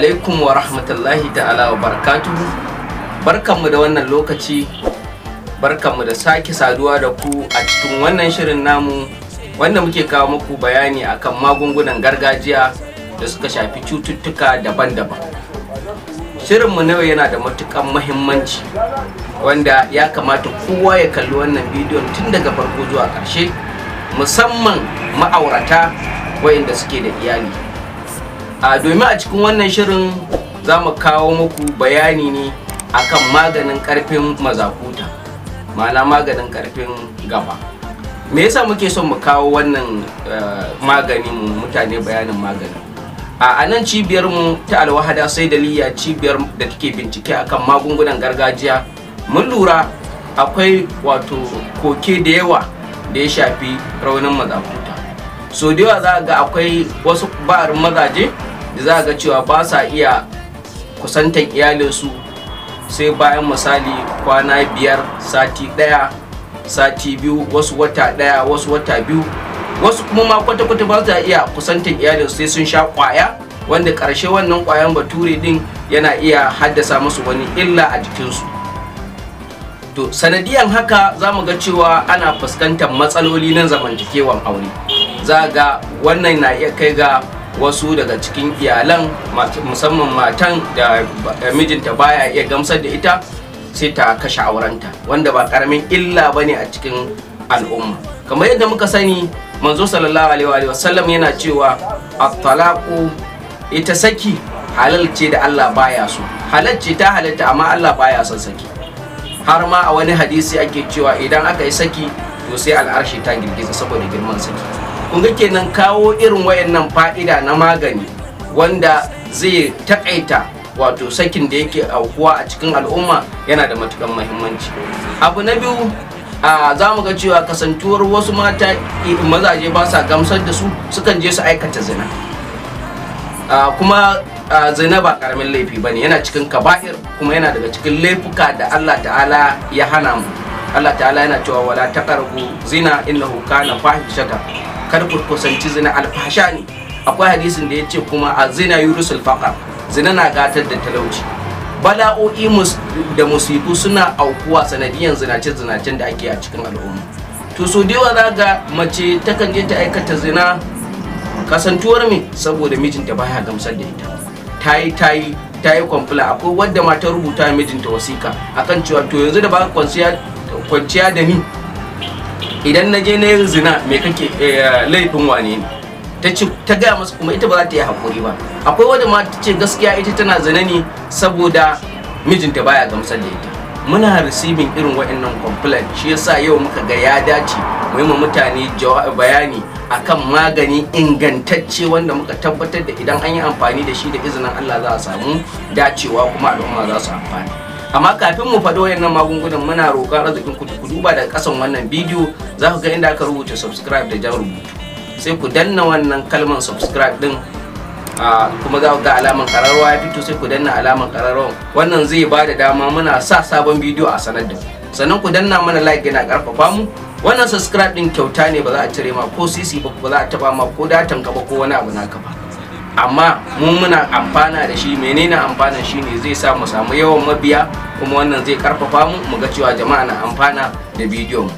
alaikum wa rahmatullahi ta'ala wa barakatuhu barkanmu da wannan lokaci barkanmu da sake saduwa da ku a cikin wannan shirin namu wanda muke kawo muku bayani akan magungunan gargajiya da suka shafi cututtuka daban-daban shirinmu na yana da matukan mahimmanci wanda ya kamata kowa ya kalli wannan bidiyon tun daga farko zuwa ƙarshe musamman ma'aurata waɗanda suke da iyali a domin a cikin wannan shirin za mu kawo muku bayani ne akan maganin karfin mazakuta ma'ana maganin karfin gaba me yasa muke son mu kawo wannan eh, magani mu mutane bayanin magani a nan cibiyar mu ta alwahada sai daliya cibiyar da take bincike akan magungunan gargajiya mun lura akwai wato koke da yawa da ya shafi raunin mazakuta so da yawa za ga akwai wasu ba'arin mazaje da za ga cewa ba sa iya kusantan iyalinsu sai bayan misali kwana biyar sati ɗaya sati biyu wasu wata ɗaya wasu wata biyu wasu kuma ma kwata-kwata ba za iya kusantan iyalinsu sai sun sha kwaya wanda karshe wannan kwayan bature din yana iya haddasa musu wani illa a jikinsu to sanadiyan haka za mu ga cewa ana fuskantar matsaloli na zamantakewan aure za ga wannan na iya kai ga wasu daga cikin iyalan musamman matan da mijinta baya iya gamsar da ita sai ta kashe aurenta wanda ba karamin illa ba ne a cikin al'umma kamar yadda muka sani manzo sallallahu alaihi wa sallam yana cewa at-talaqu ita saki halal ce da Allah baya so halal ce ta halatta amma Allah baya son saki har ma a wani hadisi ake cewa idan aka yi saki to sai al'arshi ta girgiza saboda girman saki Kunga kenan kawo irin wayannan fa'ida na magani wanda zai takaita wato sakin da yake aukuwa a cikin al'umma yana da matukan mahimmanci abu na biyu a za mu ga cewa kasantuwar wasu mata mazaje ba sa gamsar da su sukan je su aikata zina kuma zina ba karamin laifi ba ne yana cikin kaba'ir kuma yana daga cikin laifuka da allah ta'ala ya hana mu allah ta'ala yana cewa wala taqrabu zina innahu kana fahishatan kar ku kusanci zina alfasha ne akwai hadisin da ya ce kuma a zina yurusul faqar zina na gatar da talauci bala'o'i da musibu suna aukuwa sanadiyan zinace-zinacen da ake a cikin al'umma to so da yawa za ga mace takan je ta aikata zina kasantuwar me saboda mijinta baya gamsar da ita ta yi ta kwamfula akwai wadda matar rubuta mijinta wasiƙa akan cewa to yanzu da ba kwanciya da ni idan na je na yin zina mai kake eh, laifin wane ne ta ce ta gaya masa kuma ita ba za ta yi hakuri ba akwai wadda ma ta ce gaskiya ita tana zina ne saboda mijinta baya gamsar da ita muna receiving irin waɗannan complaint shi yasa yau muka ga ya dace mu yi mutane bayani akan magani ingantacce wanda muka tabbatar da idan an yi amfani da shi da izinin Allah za a samu dacewa kuma al'umma za su amfani amma kafin mu faɗo wayannan magungunan muna roƙon arzikin ku ku duba da ƙasan wannan bidiyo za ku ga inda aka rubuta subscribe da jan rubutu sai ku danna wannan kalman subscribe din kuma za ku ga alaman ƙararrawa ya fito sai ku danna alaman ƙararrawa. wannan zai ba da dama muna sa sabon bidiyo a sanar da sannan ku danna mana like yana karfafa mu wannan subscribe din kyauta ne ba za a cire ma ko sisi ba ba za a taba ma ko datan ka ba ko wani abu naka ba amma mun muna amfana da shi menene amfanan shi ne zai sa mu samu yawan mabiya kuma wannan zai karfafa mu mu ga cewa jama'a na amfana da bidiyon mu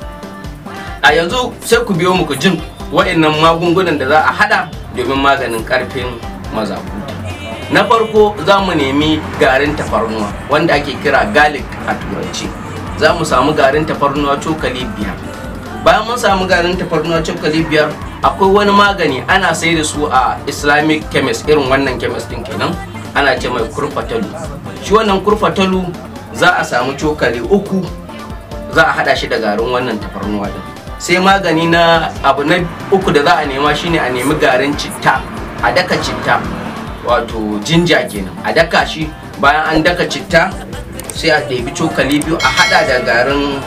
a yanzu sai ku biyo mu ku jin wa'annan magungunan da za a hada domin maganin karfin mazakuta na farko za mu nemi garin tafarnuwa wanda ake kira garlic a turanci za mu samu garin tafarnuwa cokali biyar bayan mun samu garin tafarnuwa cokali biyar akwai wani magani ana sai da su a islamic chemist irin wannan chemist din kenan ana ce mai kurfatalu shi wannan kurfatalu za a samu cokali uku za a hada shi da garin wannan tafarnuwa din sai magani na abu na uku da za a nema shine a nemi garin citta a daka citta wato jinja kenan a daka shi bayan an daka citta sai a ɗebi cokali biyu a hada da garin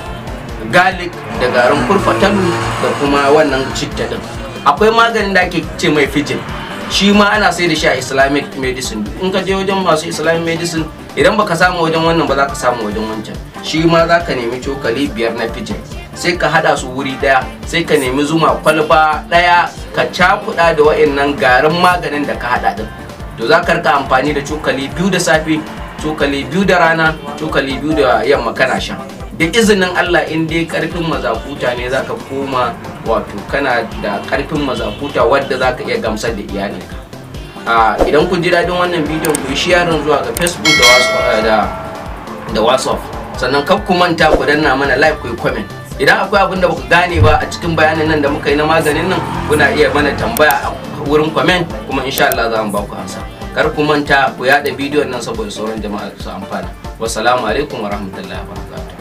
garlic da garin kurfatalu da kuma wannan citta din akwai maganin da ake ce mai fijin shi ma ana sai da shi a islamic medicine in ka je wajen masu islamic medicine idan baka samu wajen wannan ba za ka samu wajen wancan shi ma za ka nemi cokali biyar na fijin sai ka hada su wuri daya sai ka nemi zuma kwalba daya ka cakuda da wa'annan garin maganin da ka hada din to za ka rika amfani da cokali biyu da safe cokali biyu da rana cokali biyu da yamma kana sha da izinin Allah in dai karfin mazakuta ne zaka koma wato kana da karfin mazakuta wadda zaka iya gamsar da iyalinka idan kun ji daɗin wannan bidiyon ku yi sharing zuwa ga facebook eh, da whatsapp sannan kar ku manta ku danna mana like ku yi comment idan akwai abin da baku gane ba a cikin bayanin nan da muka yi na maganin nan kuna iya mana tambaya a wurin comment kuma insha Allah za mu ba amsa kar ku manta ku yaɗa bidiyon nan saboda sauran jama'a su amfana wassalamu alaikum warahmatullahi wabarakatuh